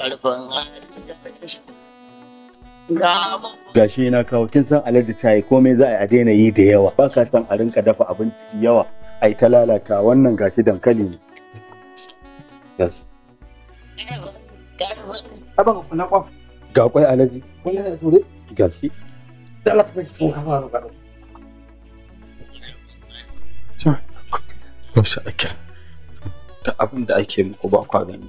karfin gashi na kawo kin san alade ta yi komai za a daina yi da yawa ba ka san a rinka dafa abinci yawa ai ta lalata wannan gashi dankali ne ga kwai alaji gashi ta abin da ake muku ba kwa gani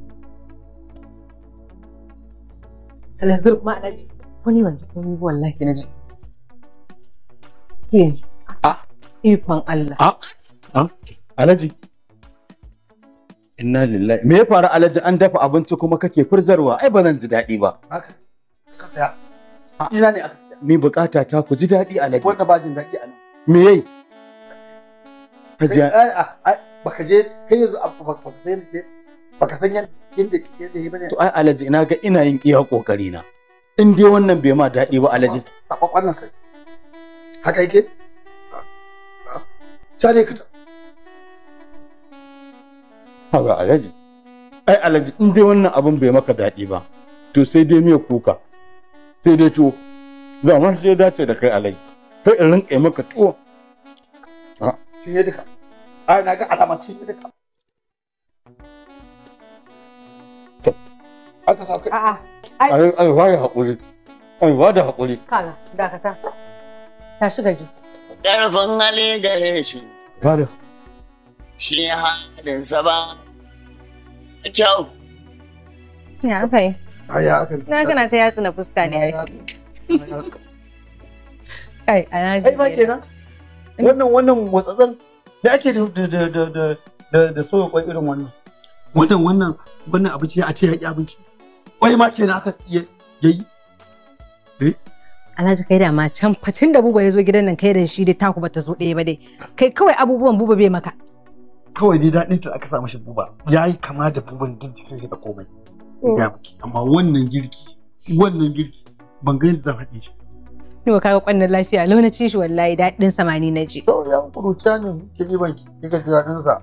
yanzu ma na ji wani yanzu kun wallahi na ji yanzu a ikon Allah a a alaji inna lillahi me ya faru alaji an dafa abinci kuma kake furzarwa ai ba zan ji daɗi ba ina ne ni bukata ta ku ji daɗi alaji wanda ba jin daɗi alaji me yayi ka je baka je kai yanzu baka san yadda inda kike da bane to ai alaji ina ga ina yin iya kokari na in dai wannan bai ma dadi ba alaji a kwakwannan kai haka yake tare ka haka alaji ai alaji in dai wannan abin bai maka dadi ba to sai dai miya kuka sai dai to za mu sai dace da kai alaji kai in rinka maka to tuwo cinye duka ai na ga alamar cinye duka aka sa kai a'a ai ai ba hakuri ai waje da hakuri kana dakata ta shiga ji ƙarfin hali gare shi kada shi halin sa ba kyau ya aka yi ya aka yi. na kana ta yatsu na fuska ne kai ana ji ai ba kenan wannan wannan motsatsan da ake da da da da da soya kwai irin wannan wannan wannan wannan abinci a ce ya ki abinci wai ma ce na yi. yayi eh? Alhaji kai da ma can fatin da buba ya zo gidan nan kai da shi dai taku bata zo ɗaya ba dai kai kawai abubuwan buba bai maka kawai dai daɗin ta aka sa mashi buba yayi kama da buban din jikin shi da komai mm. amma wannan girki wannan girki ban ga yadda faɗi shi ni kaga kwannan lafiya launacin shi wallahi daɗin samani na ji to yan kuruciya ne kike banki kika ji daɗin sa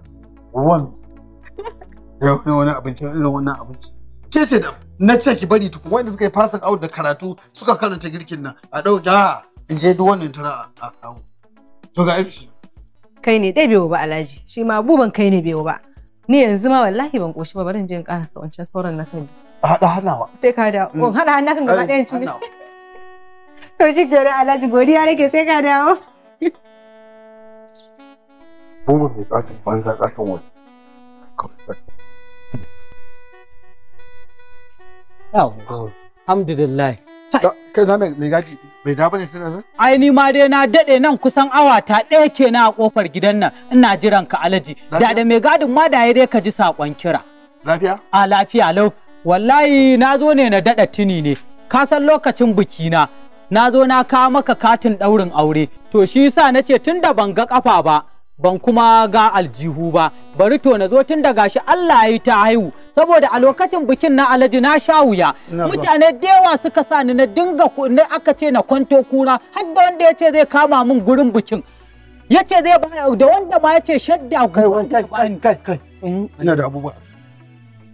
Yau ya wani abinci irin wannan abinci ke ce da na ce ki bari tukun wanda suka yi fasin out da karatu suka karanta girkin nan a ɗauke a in je duk wannan tura a kawo to ga aiki kai ne dai bewa ba alhaji shi ma buban kai ne bewa ba ni yanzu ma wallahi ban koshi ba barin je in karasa wancan sauran na kan a haɗa halawa. sai ka da ban mm. haɗa hannu kan gaba ɗayan cini to shi kenan alhaji godiya nake sai ka dawo Bubu mai ƙaton banza ƙaton wani. Kawai Yawwa. Ah. Alhamdulillah. Kai na mai gadi bai da bane tana nan? Ai ni ma dai na dade nan kusan awa ta ɗaya kenan a ƙofar gidan nan ina jiran ka alaji. Da da mai gadin ma da ya dai ka ji sakon kira. Lafiya? A lafiya lau. Wallahi na zo ne na daɗa tuni ne. Ka san lokacin biki na. zo na kawo maka katin ɗaurin aure. To shi yasa nace tun da ban ga ƙafa ba ban kuma ga aljihu ba bari to na zo tun da shi Allah ya yi ta haihu saboda a lokacin bikin na alhaji na sha wuya mutane da yawa suka sa ni na dinga ne aka ce na kwanto kuna har da wanda ya ce zai kama min gurin bikin ya ce zai bani da wanda ma ya ce shadda kai kai kai mm. ina da abubuwa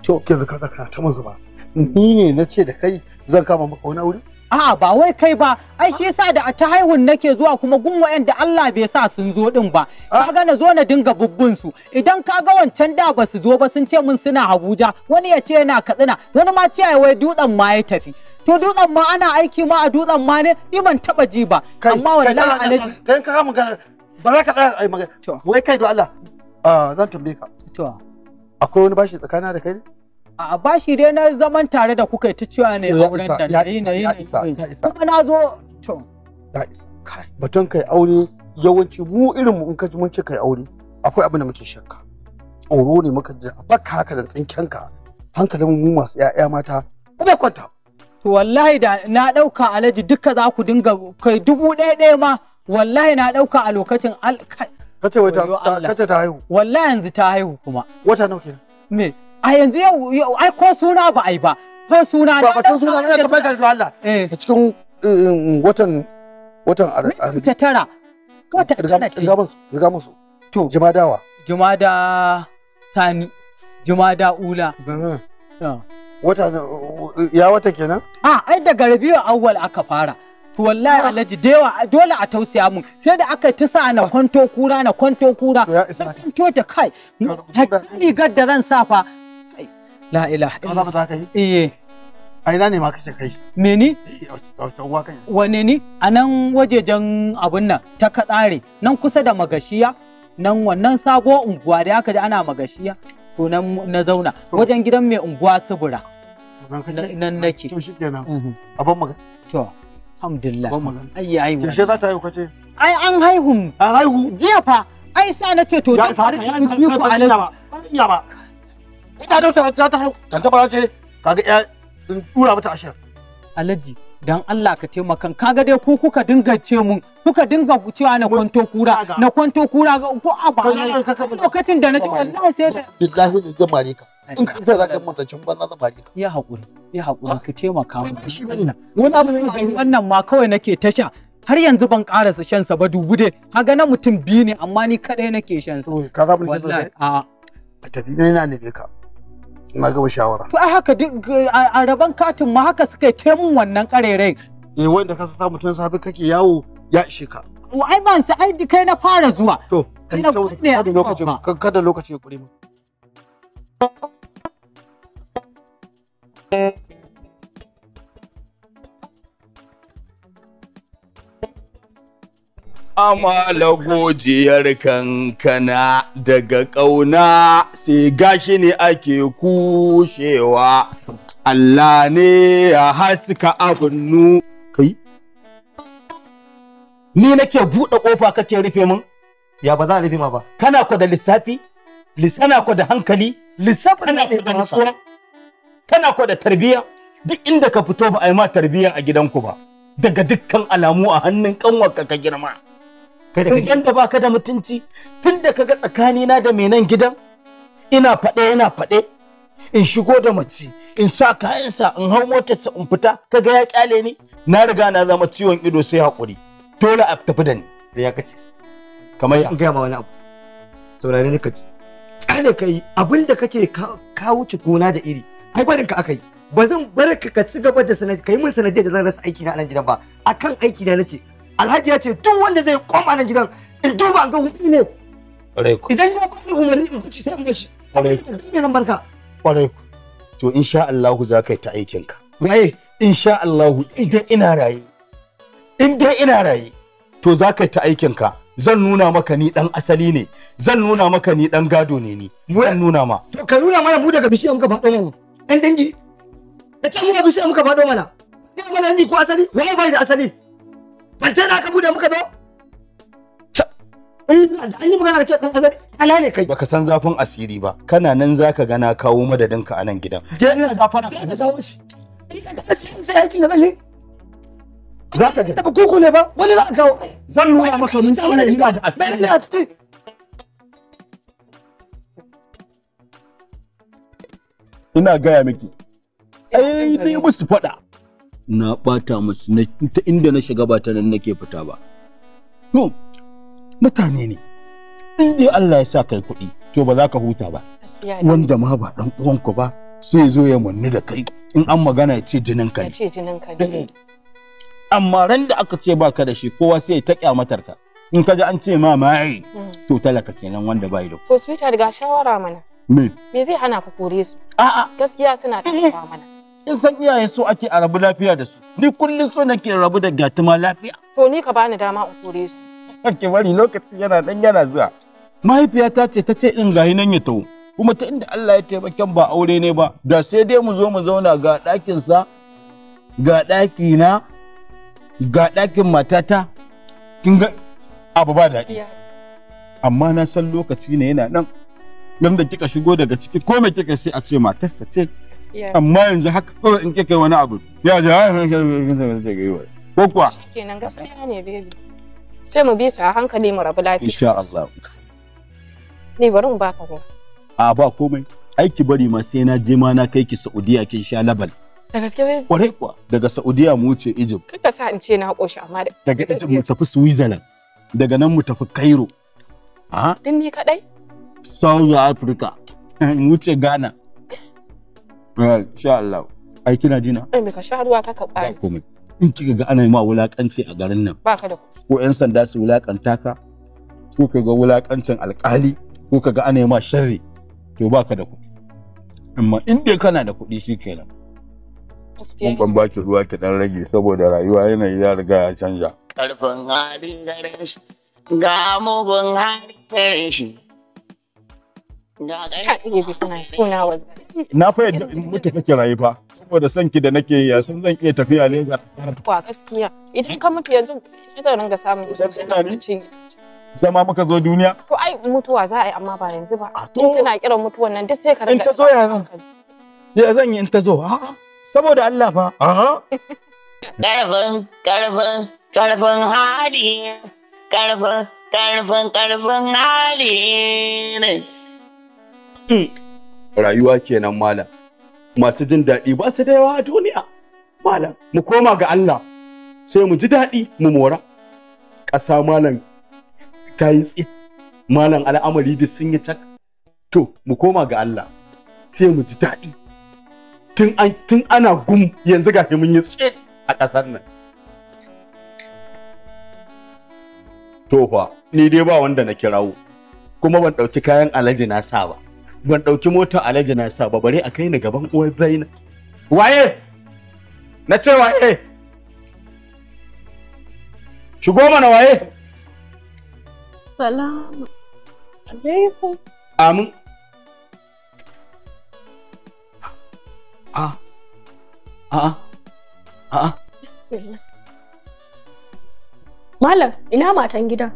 to ke zaka zaka ta mazuba ni ne na ce da kai zan kama maka wani aure A'a ba wai kai ba, ai shi yasa da ta haihun nake zuwa kuma gun wa'anda Allah bai sa sun zo din ba. Ah. Ka ga na zo na dinga bubbun su. Idan ka ga wancan da ba su zo ba sun ce mun suna Abuja, wani ya ce yana Katsina, wani ma ce wai dutsen ma ya tafi. To dutsen ma ana aiki ma a dutsen ma ne, ni ban taba ji ba. Amma wallahi alaji. Kai ka gana. ba za ka tsaya ai magana. Wai kai do Allah. Ah zan tambaye ka. To. Akwai wani bashi tsakana da kai ne? a bashi dai na zaman tare da kuka ta cewa ne auren da na yi na yi kuma na zo to ya isa batun kai aure yawanci mu irin mu in ka ji mun ce kai aure akwai abin da muke shakka tsoro ne muka ji a baka haka da tsinkenka hankalin mu masu ƴaƴa mata ba zai kwanta to wallahi da na ɗauka alaji duka za ku dinga kai dubu ɗaya ɗaya ma wallahi na ɗauka a lokacin al kace wata kace ta haihu wallahi yanzu ta haihu kuma wata nawa kenan me a yanzu yau ai ko suna ba ai ba ko suna ba ko suna ne ka barka da Allah eh cikin eh, eh, watan watan ta tara wata ta riga musu riga musu to jumadawa jumada sani jumada ula wata ya wata kenan a ai daga rabiu awwal aka fara to wallahi ah. alaji da yawa dole a tausaya mun sai da aka ta sa na ah. kwanto kura na kwanto kura to ta kai ni da zan sa fa la ilaha illa Allah ka yi eh a ina ne ma kake kai me ni wane ni a nan wajejen abun nan ta katsare nan kusa da magashiya nan wannan sago unguwa da aka ji ana magashiya to nan na zauna wajen gidan mai unguwa subura nan nake to shikenan mhm. abin magana to alhamdulillah ai ai yaushe za ta haihu kace ai an haihu an haihu jiya fa ai sa na ce to da ku alaji ba ita ta ta ta tantabara ce kaga ya in mata ashar alaji dan Allah ka taimaka kaga dai ku kuka dinga ce mun kuka dinga cewa na kwanto kura na kwanto kura ga ku a ba lokacin da na ji wallahi sai da billahi da jamare ka in ka za ka mata cin banza da bari ka ya hakuri ya hakuri ka taimaka mu wani abu ne wannan ma kawai nake tasha har yanzu ban karasa shan sa ba dubu dai kaga na mutum biyu ne amma ni kadai nake shan sa ka za mu wallahi a tafi na yana ka na gaba shawara to ai haka duk a raban katin ma haka suka ta mun wannan karerai eh wanda ka sa mutum safi kake yawo ya ishe ka ai ban su ai kai na fara zuwa to kada lokacin kada lokacin ya kure mu Thank you. amala gojiyar kankana daga ƙauna sai gashi ne ake kushewa Allah ne ya haska abinnu kai ni nake buɗe ƙofa kake rufe mun? ya ba za a rufe ma ba kana ko da lissafi lissana ko da hankali lissafi na ko da nutsuwa kana ko da tarbiyya duk inda ka fito ba a yi ma tarbiyya a gidanku ba daga dukkan alamu a hannun kanwarka ka girma Tun yanda ba ka da mutunci, tun da kaga ga na da mai gidan, ina faɗe ina faɗe, in shigo da mace, in sa kayansa, in hau motarsa in fita, ka ga ya kyale ni, na riga na zama ciwon ido sai hakuri Dole a tafi da ni. Da ya kace. Kamar ya. Gaya ma wani abu. Saurare ni kace. kale ka abin da kake ka wuce gona da iri. Ai barin ka aka yi. Ba zan bar ka ka ci gaba da sanadi, ka yi min da zan rasa aiki na a nan gidan ba. Akan aiki da nake alhaji ya ce duk wanda zai koma nan gidan in duba ga hudu ne idan ya ba da umarni in kuci sai in bashi nan barka Alaikum. to insha Allah za ka yi ta aikin ka waye insha Allah idan ina raye idan ina raye to za ka yi ta aikin ka zan nuna maka ni dan asali ne zan nuna maka ni dan gado ne ni zan nuna ma to ka nuna mana mu daga bishiya muka faɗo mana ɗan dangi ka ce mu daga bishiya muka faɗo mana Ni mana ni ko asali wai bai da asali Fantai na aka bude muka zo? Eh, an yi magana ka ce ɗan azari, ala ne kai. Baka san zafin asiri ba, kana nan za ka gana kawo madadinka a nan gidan. Je ina gafara ka ga shi. Sai aikin da bane. Za ka ga. Taka kuku ne ba, wani za ka kawo. Zan nuna maka mun tsara ina da asiri. Bai a ciki. Ina gaya miki. Ai, ni musu faɗa. na ɓata musu ta inda na shiga ba ta nan nake fita ba. To, mutane ne, in dai Allah ya sa kai kuɗi, to ba za ka huta ba. Wanda ma ba ɗan uwanku ba, sai zo ya manni da kai, in an magana ya ce jinin ka ne. Ya ce jinin ka ne. Amma ran da aka ce ba ka da shi, kowa sai ya ta kyamatar ka. In ka ji an ce ma mai, hmm. to talaka kenan wanda bai da. To, sweetheart ga shawara mana. Me? Me zai hana ka kore su? A'a. Gaskiya suna da mana. in san iyaye so ake a rabu lafiya da su ni kullum so nake rabu da gatuma lafiya to ni ka bani dama in kore su Ake bari lokaci yana dan yana zuwa mahaifiyata ce ta ce in gahi nan ya tawo kuma ta inda Allah ya taimaken ba aure ne ba da sai dai mu zo mu zauna ga ɗakin sa ga ɗaki na ga ɗakin matata kin ga abu ba daɗi amma na san lokaci ne yana nan nan da kika shigo daga ciki ko me kika sai a ce matarsa ce amma yanzu haka kawai in kike wani abu ya ji ko kuwa kenan gaskiya ne baby sai mu bi sa hankali mu rabu lafiya insha Allah ne bari mu baka ko a ba komai aiki bari ma sai na je ma na kai ki Saudiya kin sha labal Da gaske bai? Kwarai kuwa. Daga Saudiya mu wuce Egypt. kika sa in ce na shi amma Daga Egypt mu tafi Switzerland. Daga nan mu tafi Cairo. A? Din ni kadai. South Africa. In wuce Ghana. Insha Allah. Ai kina jina? Eh me ka sha ruwa ka ka Ba komai. In kika ga ana ma wulakanci a garin nan. Ba ka da ku. ko ƴan sanda su wulakanta ka ko ka ga wulakancin alƙali ko ka ga ana ma sharri to ba ka da ku. Amma in dai kana da kuɗi shi kenan. Kun ban ba baki ruwa ki dan rage saboda rayuwa yana ya riga ya canja. Karfin hali gare shi. Ga mugun hali gare shi. Na fa yadda in mutu kake rayu ba. saboda son ki da nake yi sun zan iya tafiya ne ga Kwa gaskiya idan ka mutu yanzu zan ringa samun kusanci. Zama muka zo duniya? To ai mutuwa za a yi amma ba yanzu ba. In kana kiran mutuwan nan duk sai ka ringa. In ta zo ya zan. Ya zan yi in ta zo. A'a saboda Allah fa. A'a. Karfin karfin karfin hali karfin karfin karfin hali ne. Rayuwa kenan malam. Masu jin daɗi ba su da yawa a duniya. Malam, mu koma ga Allah sai mu ji daɗi mu mora. Ƙasa malam ta yi tsi, Malam al'amari duk sun yi tak. To, mu koma ga Allah sai mu ji daɗi. Tun ana gum yanzu ga mun yi tsi a ƙasar nan. To fa, ni dai ba wanda na kirawo. Kuma ban ɗauki kayan alaji na sa ba. ban ɗauki mota alhaji na sa ba bare a kai ni gaban uwar zaina waye na ce waye shigo mana waye salamu alaikum amin a a a Malam, ina matan gidan?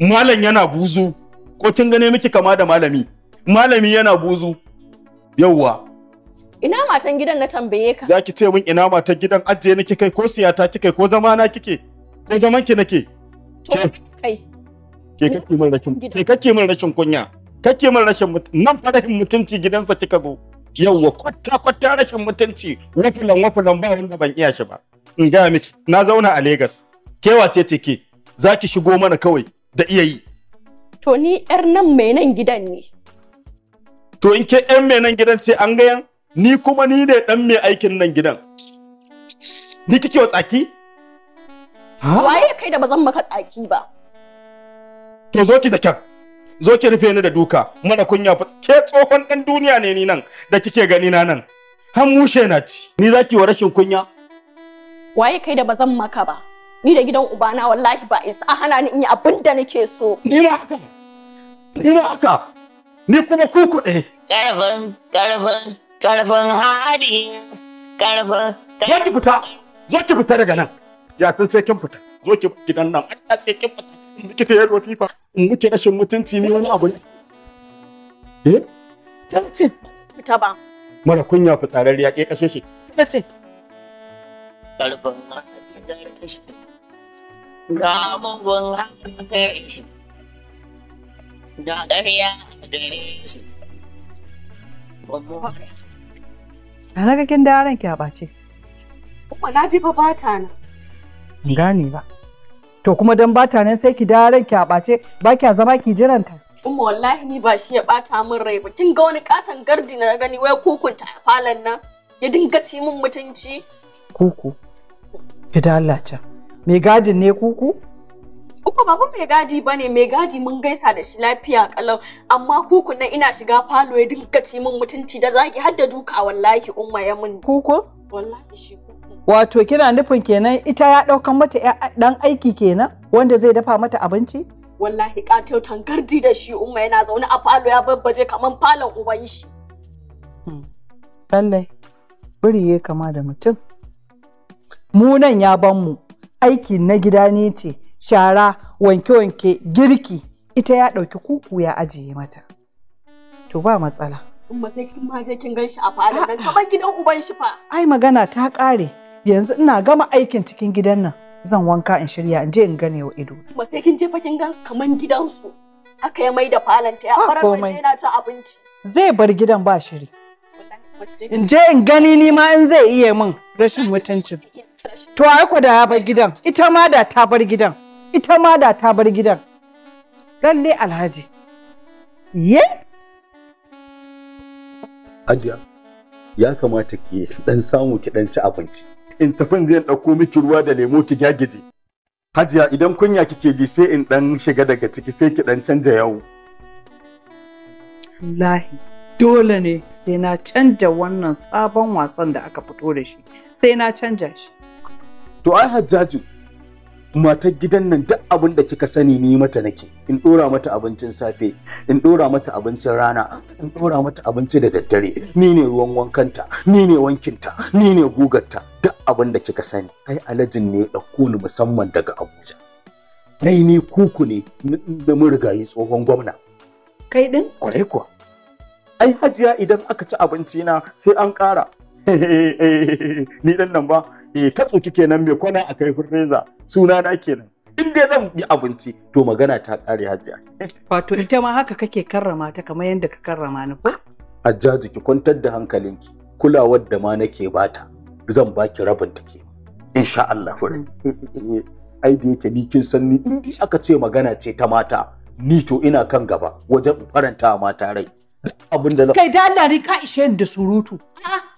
Malam yana buzu, ko kin gane miki kama da malami? malami yana buzu yauwa ina matan gidan na tambaye ka zaki ce min ina matan gidan ajiye nake kai ko siyata kike ko zama na kike ko zaman ki nake to kai ke kake min rashin ke kake min rashin kunya kake min rashin nan farahin mutunci gidansa kika go yauwa kwata kwata rashin mutunci wafulan wafulan ba wanda ban iya shi ba in ga miki na zauna a Lagos kewa ce ce ke zaki shigo mana kawai da iya yi to ni yar nan mai nan gidan ne to in ke yan mai nan gidan ce an gayan ni kuma ni ne ɗan mai aikin nan gidan ni kike wa tsaki waye kai da bazan maka tsaki ba to zo ki da kyan zo ki rufe ni da duka mara kunya ke tsohon dan duniya ne ni nan da kike gani na nan han mushe na ci ni zaki wa rashin kunya waye kai da bazan maka ba ni da gidan ubana wallahi ba isa hana ni in yi abin da nake so ni na haka ni na haka ni kuma kuɗe. Eh. Ƙarfin, ƙarfin, ƙarfin hali, ƙarfin. Zo ki fita, zo ki fita daga nan. Ya san sai kin fita, zo ki gidan nan, Allah sai kin fita. Miki ta yaro fifa, in muke rashin mutunci ni wani abu ne. Eh? Kan ce. Fita ba. Mara kunya fitsarar ya ke kashe shi. Kan ce. Ƙarfin hali, ƙarfin. Ga mugun hali. na ƙarya a gare su. Na naga kin da yaran ki a ɓace. Kuma na ji fa bata na. Gane ba. To kuma don bata nan sai ki da yaran ki a ɓace ba kya zama ki jiranta. Umma wallahi ni ba shi ya ɓata min rai ba kin ga wani katon gardi na gani wai kukunta a falon nan ya dinga ci min mutunci. Kuku. Ki da Allah can. Me gadin ne kuku? Uku baba mai gadi ba ne mai gadi mun gaisa da shi lafiya kalau amma kuku na ina shiga falo ya dinka ci min mutunci da zagi har da duka wallahi umma ya mun. Kuku? Wallahi shi kuku. Wato kina nufin kenan ita ya ɗaukan mata ɗan aiki kenan wanda zai dafa mata abinci? Wallahi katau tangardi da shi umma yana zaune a falo ya babbaje kaman falon uban shi. Hmm. Lallai, biri ya kama da mutum. Mu nan ya ban mu, aiki na gida ne ce, shara wanke-wanke girki ita ya ɗauki kuku ya ajiye mata to ba matsala umma sai kin ma je kin ganshi a fara dan kaman gidan uban shi fa ai magana ta ƙare yanzu ina gama aikin cikin gidan nan zan wanka in shirya in je in gane wa ido umma sai kin je fa kin gan kaman gidansu aka ya mai da falanta ya farar mai yana ta abinci zai bar gidan ba shiri in je in gani ni ma in zai iya min rashin mutuncin to ai da ya bar gidan ita ma da ta bar gidan ita ma da ta bar gidan lalle alhaji ye ajiya ya kamata ki dan samu ki dan ci abinci in tafin zai ɗauko miki ruwa da lemo ki gyagije hajiya idan kunya kike ji sai in dan shiga daga ciki sai ki dan canja yawo wallahi dole ne sai na canja wannan sabon wasan da aka fito da shi sai na canja shi to ai hajjaju matar gidan nan duk abin da kika sani ni mata nake in dora mata abincin safe in dora mata abincin rana in dora mata abinci da daddare ni ne ruwan wankanta ni ne wankinta ni ne gugarta duk abin da kika sani Kai alajin ne ɗauko ni musamman daga abuja kai ni kuku ne da mun yi tsohon gwamna kai din kwarai kuwa ai hajiya idan aka ci abinci na sai an ƙara ni dan nan ba eh ka tsoki kenan me kwana a kai freezer suna na kenan in dai zan yi abinci to magana ta kare hajiya wato ita ma haka kake karrama ta kamar yadda ka karrama ni ko ajaji ki kwantar da hankalinki kulawar da ma nake bata zan baki rabin take insha Allah ai da yake ni kin san ni in aka ce magana ce ta mata ni to ina kan gaba wajen faranta mata rai abin da kai da ka ishe ni da surutu ah,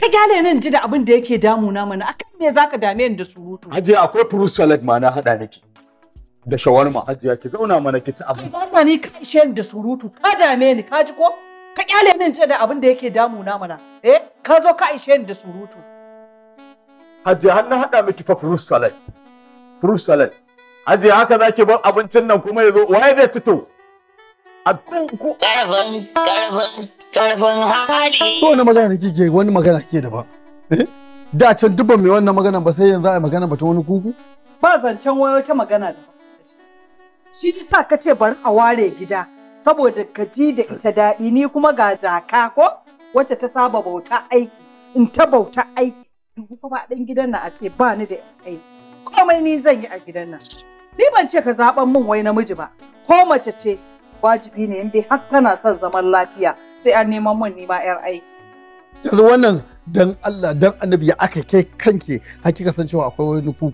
ka gyale nan ji da abin da yake damuna mana kan me zaka dame ni da surutu hajiya akwai fruit salad ma na hada miki da shawarma hajiya ki zauna mana ki ci abin ba ni ka ishe da surutu ka dame ni ka ji ko ka kyale nan ji da abin da yake damuna mana eh ka zo ka ishe ni da surutu hajiya har na hada miki fa fruit salad fruit salad hajiya haka zaki bar abincin nan kuma yazo waye zai fito a ku karfin hali to wani magana kike wani magana kike da ba eh? da can dubban mai wannan magana ba sai yanzu a yi magana ta wani kuku ba zancen wayo ta magana da shi sa ka ce bari a ware gida saboda ka ji da ita daɗi ni kuma ga jaka ko wacce ta saba bauta aiki in ta bauta aiki in kuma ɗan gidan nan a ce ba ni da aiki komai ni zan yi a gidan nan ni ban ce ka zaɓan min wai namiji ba ko mace ce wajibi ne inda har kana son zaman lafiya sai an neman mun nima yar aiki yanzu wannan dan Allah dan annabi ya aka kai kanki hakika san cewa akwai wani ku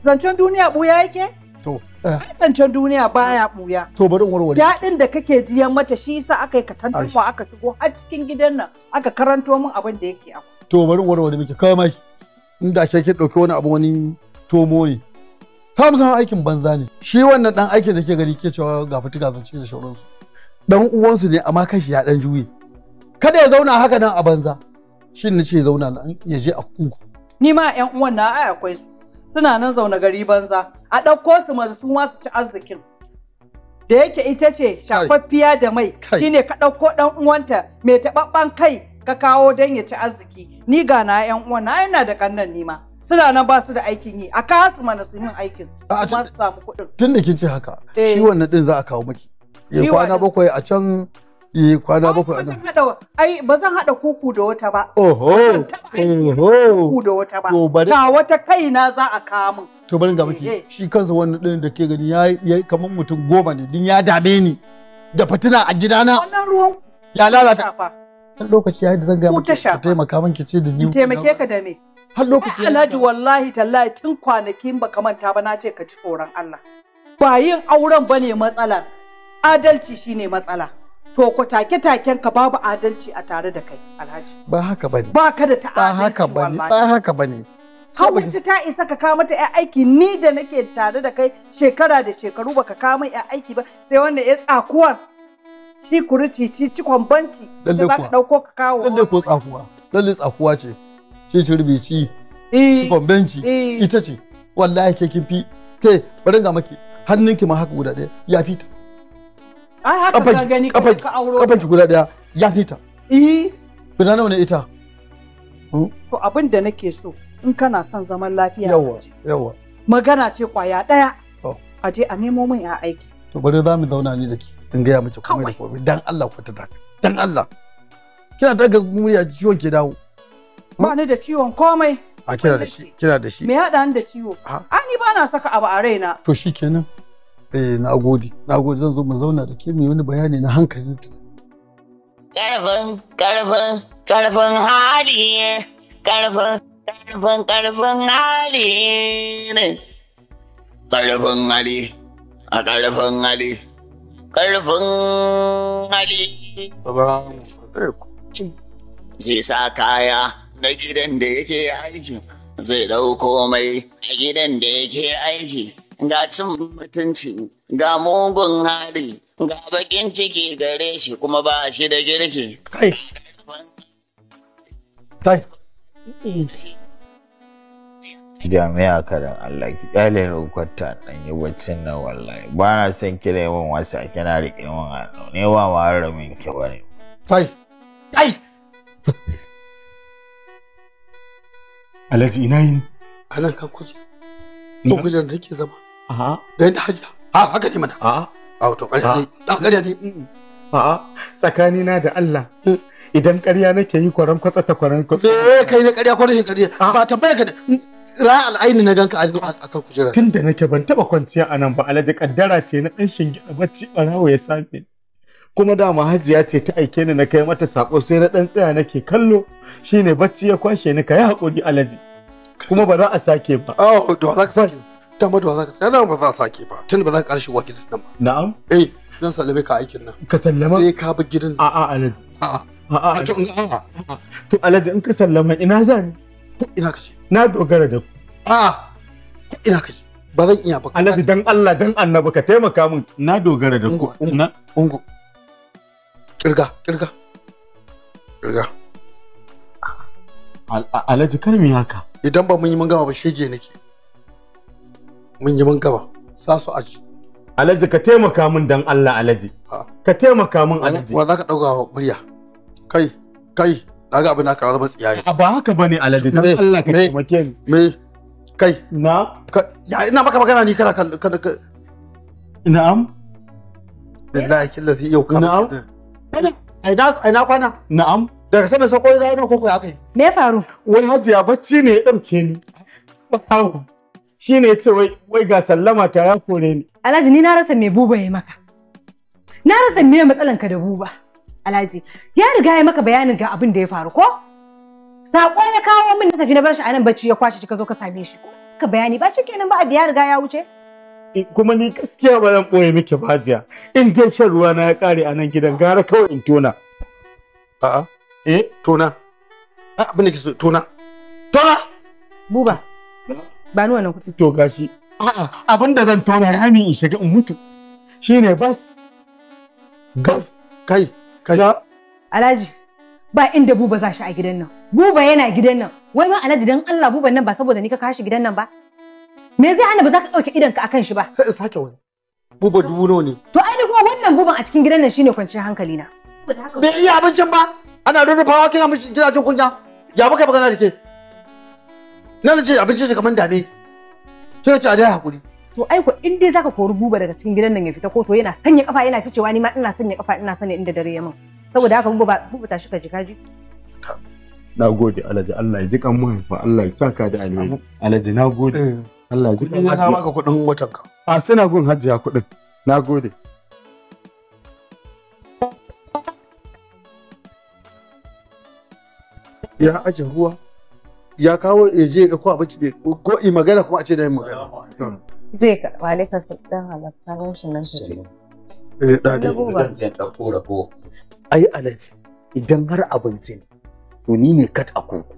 zancen duniya buya yake to eh. zancen duniya baya buya to bari warware dadin da kake jiyan mata shi yasa aka yi katantanwa aka shigo har cikin gidan nan aka karanto min abin da yake a. to bari warware miki kawai mai inda ake ke dauke wani abu wani tomo ne ta san aikin banza ne shi wannan dan aikin da ke gari ke cewa ga fitika zance da shaurinsu dan uwansu ne amma kashi ya dan juye kada ya zauna haka nan a banza shi ne ce zauna nan ya je a kuku ni ma yan uwan na ai akwai su suna nan zauna gari banza a ɗauko su ma su ma su ci arzikin da yake ita ce shafaffiya da mai shi ne ka ɗauko ɗan uwanta mai taɓaɓɓen kai ka kawo don ya ci arziki ni ga na yan uwan na yana da ƙannan ni ma suna nan ba su da aikin yi a kasu mana su min aikin ba su samu kuɗin tun da kin ce haka eh. shi wannan din za a kawo miki ya kwana bakwai a can ya kwana bakwai a nan ai ba zan haɗa kuku da wata ba oho oho kuku da wata ba ta wata kaina za a kawo min to bari ga miki eh. shi kansa wannan din da ke gani ya kamar mutum goma ne din ya dame ni da fitina a gidana wannan ruwan ya lalata lokaci ya yi da zan ga miki taimaka miki ce da ni taimake ka da me har lokaci alhaji wallahi tallahi tun kwanakin baka manta ba na ce ka ci tsoron Allah ba yin auren bane matsala adalci shine matsala to ku take taken ka babu adalci a tare da kai alhaji ba haka bane ba ka da ta ba haka bane ba haka bane Hawanta ta isa ka kawo mata 'yan aiki ni da nake tare da kai shekara da shekaru baka kawo mai 'yan aiki ba sai wannan ya tsakuwar ci kuri ci cikon banci da za ka Lalle ko tsakuwa, lalle tsakuwa ce. shi shirbici cikon eh. benci eh. ita ce wallahi ke kin fi ke bari ga maki hannunki ma haka guda ɗaya ya fita ai haka ka gani ka auro kafanki guda ɗaya ya fita eh guda nawa ne ita hm? to abin da nake so in kana son zaman lafiya yawa yawa magana ce kwaya ɗaya a je a nemo min a aiki to bari za mu zauna ni da ki in gaya miki komai da komai dan Allah ku ta dan Allah kina daga murya ciwon ke dawo ba ni da ciwon komai a kira da shi kira da shi me ya da ciwo a ni ba na saka abu a raina to shikenan eh na gode na gode zan zo mu zauna da ke mu wani bayani na hankali Ƙarfin ƙarfin ƙarfin hali Ƙarfin ƙarfin ƙarfin hali ne Ƙarfin hali a karfin hali karfin hali zai sa kaya na gidan da yake aiki zai dau komai a gidan da yake aiki ga cin mutunci ga mugun hali ga bakin ciki gare shi kuma ba shi da girki. Kai! Kai! jami'a karan Allah ki kyale hukunta dan yi baccin nan wallahi ba na son kire min wasa kina rike yawan hannu ne ba ma haramin ki bane kai kai Alhaji ina yi? A nan kan kuzo. Ko kujen da take zama? A'a. Da yadda hajiya. A haka ne mana. A'a. A to ƙarya ne. A ƙarya ne. A'a tsakani na da Allah. Mm. Idan ƙarya nake yi kwaran kwatsa ta kwaran kwatsa. Eh kai na ƙarya ko rashin ƙarya. Ba tambaya ka da mm, ra al'aini na ganka a kan kujera. Tunda nake ban taɓa kwanciya a nan ba alhaji kaddara ce na ɗan shingiɗa bacci ɓarawo ya same ni. kuma da hajiya ce ta aike ni na kai mata sako sai na dan tsaya nake kallo shine bacci ya kwashe ni ka yi hakuri alaji kuma ba za a sake ba oh to za ka sake ta ma za ka sake ba za a sake ba tun ba za ka karshe wa gidan nan ba na'am eh zan sallame ka aikin nan ka sallama sai ka bi gidan a a alaji a a to to alaji in ka sallama ina zan ina ka ce na dogara da ku a ina ka ce ba zan iya ba alaji dan Allah dan annabi ka taimaka min na dogara da ku ungo kirga kirga kirga alhaji kar mu haka idan ba mun yi mun gama ba shege nake mun yi mun gama sa su aji alhaji ka taimaka min dan Allah alhaji ka taimaka min alhaji wa zaka dauka wa murya kai kai daga abin naka zama tsiyaye ba haka bane alhaji dan Allah ka taimake ni me kai na ya ina maka magana ni kana na'am billahi killazi yau kana na'am A ina ai na kwana. Na'am. Daga sama sai koyi zauna ko aka yi. Me ya faru? Wai Hajiya bacci ne ya dauke ni. Shi ne ce wai wai ga sallama ta ya kore ni. Alhaji ni na rasa me buba ya maka. Na rasa me matsalan ka da buba. Alhaji ya riga ya maka bayanin ga abin da ya faru ko? Sako ya kawo min na tafi na bar shi a nan bacci ya kwashi ka zo ka same shi ko? Ka bayani ba shi kenan ba abu ya riga ya wuce. kuma ni gaskiya ba zan ɓoye miki fajiya in dai shan ruwa na ya ƙare a nan gidan gara kawai in tona a'a eh tona a ah, abin da ke so tona tona buba ba ni wannan kuɗi to gashi a'a abin da zan tona rami in shiga in mutu shine bas gas kai kai alhaji ba inda buba za shi a gidan nan buba yana gidan nan wai ma alhaji dan Allah buban nan ba saboda ni ka kashi gidan nan ba Me zai hana ba za ka ɗauke idonka akan shi ba? Sai in sake wani. Buba dubu nawa ne. To ai kuma wannan buban a cikin gidan nan shine kwanciyar hankali na. Bai iya abincin ba. Ana rurrufawa kina kina jin kunya. Ya baka magana da ke. Na ce abincin shi kamar dame. Sai ce a dai hakuri. To ai ko in dai zaka kori buba daga cikin gidan nan ya fita ko to yana sanya kafa yana ficewa ni ma ina sanya kafa ina sanya inda dare ya min. Saboda haka buba buba ta shika jika ji. Na gode Alhaji Allah ya ji kan mu Allah ya saka da alheri. Alhaji na gode. Eh. Allah ji kan hajiya. baka kuɗin ka. A suna gun kuɗin. Na gode. Ya aje ruwa. Ya kawo ya je ya ɗauko abinci bai ko i magana kuma a ce da yin magana. Zai ka ne ka dan halatta shi nan shi. Eh da da zan je da ko. Ai alaji idan har abinci ne to ni ne kat a koko.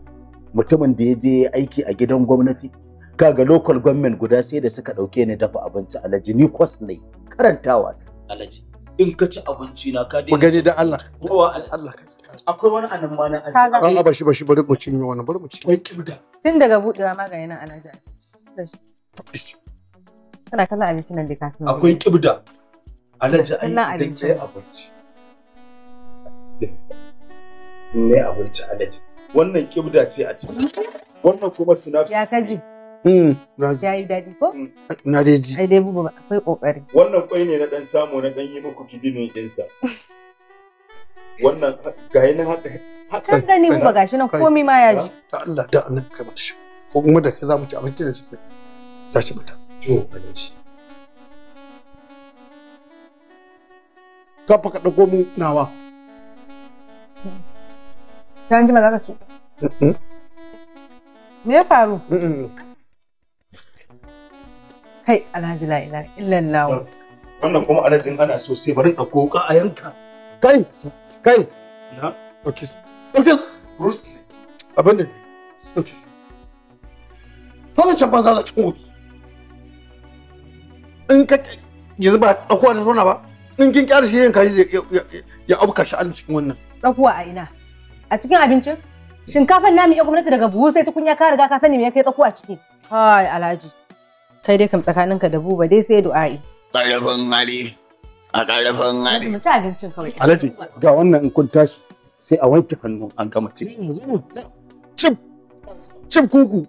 Mutumin da ya je aiki a gidan gwamnati kaga local government guda sai da suka dauke ni dafa abinci alaji ni kwas ne karantawa alaji in ka ci abinci na ka dai gani da Allah kowa Allah ka akwai wani anan ma na an aba shi bashi bari mu cinye wani bari mu cinye kai kibda tun daga budewa magani nan alaji kana kallon abincin nan da ka akwai kibda alaji ai idan ke abinci ne abinci alaji wannan kibda ce a ciki wannan kuma sinapsi ya kaji Mm. Ya yi daɗi ko? Mm. Na dai ji. Ai dai bubu akwai ƙoƙari. Wannan kwai ne na ɗan samu na ɗan yi muku kidini ɗinsa. Wannan ga yi na haɗa. Kan gani buba shi nan komi ma ya ji. Allah da kai mata shi. Ko kuma da kai za mu ci abinci da mata. Yo shi. Ka ka ɗago mu nawa. Ta ma za ka Me ya faru? kai alhaji la ilaha illallah wannan kuma alhajin ana so sai bari ɗauko ka a yanka kai kai na ɗauki ɗauki rus abin da can tana za da cin wuki in ka yanzu ba tsakuwa ta zauna ba in kin kyara shi yanka ya abuka shi a cikin wannan tsakuwa a ina a cikin abincin shinkafan nami ya gwamnati daga buhu sai tukunya ka riga ka sani me ya kai tsakuwa ciki hai alhaji kai dai kam tsakaninka da buba dai sai du'a'i ƙarfin hali a ƙarfin hali mu ci abincin kawai alaji ga wannan in kun tashi sai a wanke hannu an gama ci cip cip kuku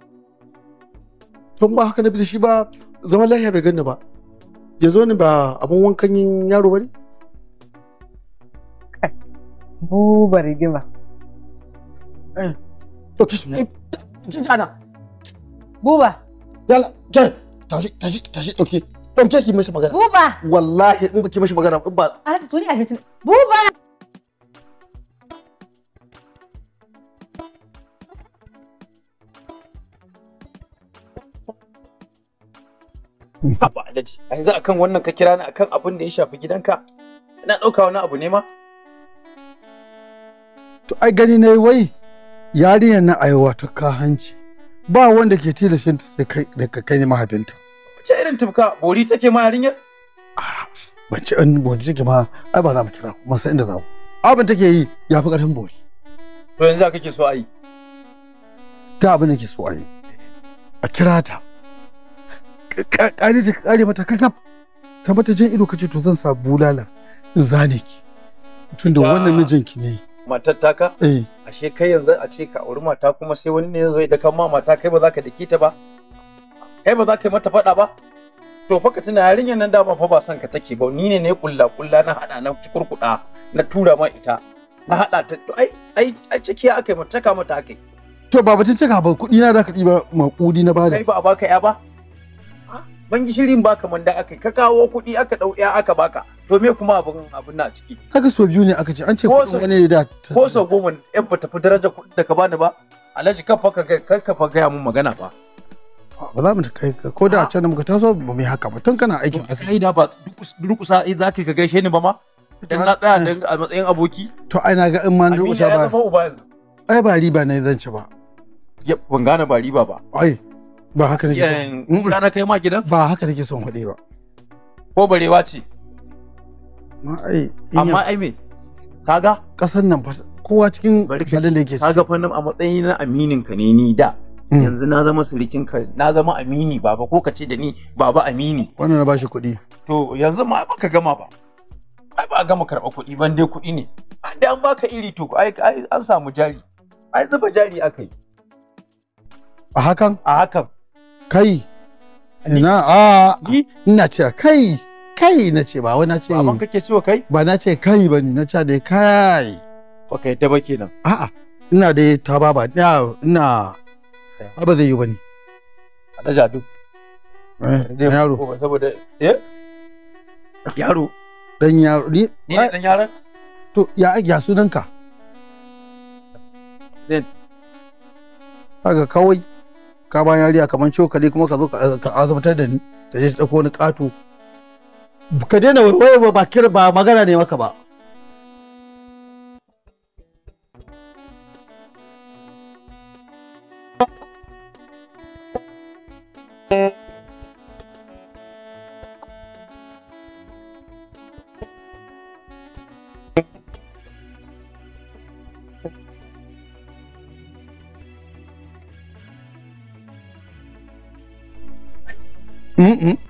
don ba haka na bi shi ba zaman lafiya bai ganni ba ya zo ni ba abin wankan yin yaro ba ne buba rigima eh, to kishi ne buba yala tashi tashi tashi dauke dauke ki mishi magana buba wallahi in baki mishi magana in ba alaka to ni abincin buba Haba Alhaji, a yanzu akan wannan ka kira ni akan abin da ya shafi gidanka? Ina ɗauka wani abu ne ma? To ai gani ne wai yarinyar na aiwata ka hanci. ba wanda ke tilashin ta sai kai daga kai ne mahaifinta wace irin tufka bori take ma yarinyar ah, ban ce an bori take ma ai ba za mu kira kuma san inda za mu abin take yi ya fi karfin bori to yanzu za kake so a yi ta abin da ke so a yi a kira ta kare ta kare mata kakaf ka mata jan ido ka ce to zan sa bulala in zane ki tunda wannan mijinki ne matattaka? taka? Eh. Ashe kai yanzu a ce ka auri mata kuma sai wani ne zai da kan ma mata kai ba za ka dake ta ba? Kai ba za ka yi mata faɗa ba? To fa ka tuna yarinyar nan dama fa ba son ka take ba ni ne ne kulla kulla na hada na cikurkuɗa na tura ma ita na hada ta to ai ai ai cikiya akai mata taka mata To ba batun cika ba kuɗi na da ka ɗiba makudi na bada. Kai ba a baka ya ba? ban gishirin ba kamar da aka ka kawo kuɗi aka ɗau ya aka baka to me kuma abin abin na ciki kaga so biyu ne aka ce an ce ko so ne da ko so goma yan ba tafi daraja kuɗi da ka bani ba alhaji ka kai ka ka faka gaya mun magana fa ba za mu kai ko da ah. can muka taso ba mu haka ba tun kana aikin asibiti kai da ba durkusa za ka gaishe ni ba ma dan na tsaya dan a matsayin aboki to ai na ga in ma durkusa ba ai ba riba ne zan ci ba ban gane ba riba ba ai ba haka nake son rana kai ma gidan ba haka nake son faɗe ba ko barewa ce amma ai me kaga kasan nan kowa cikin halin da yake kaga fannin a matsayin na aminin ka ne ni da mm. yanzu na zama surikin ka na zama amini baba ko ka ce da ni baba amini wannan na bashi kuɗi to yanzu ma baka gama ba ai ba gama karɓa kuɗi ban dai kuɗi ne Ai da an baka iri to ai an samu jari ai zuba jari akai a hakan a hakan kai ina a ina ce kai kai na ce ba wai na ce ba kake cewa kai ba na ce kai bane na ce dai kai ba kai ta ba kenan a'a ina dai ta ba ba ina ina eh. ba zai yi bane a jadu eh, yaro saboda eh yaro dan yaro ni ne dan yaron to ya ya sunanka Kaga kawai ka ba yariya kamar cokali kuma ka zo ka azabtar da ni ka je ta wani ƙato ka daina waiwaye ba bakir ba magana ne maka ba thank you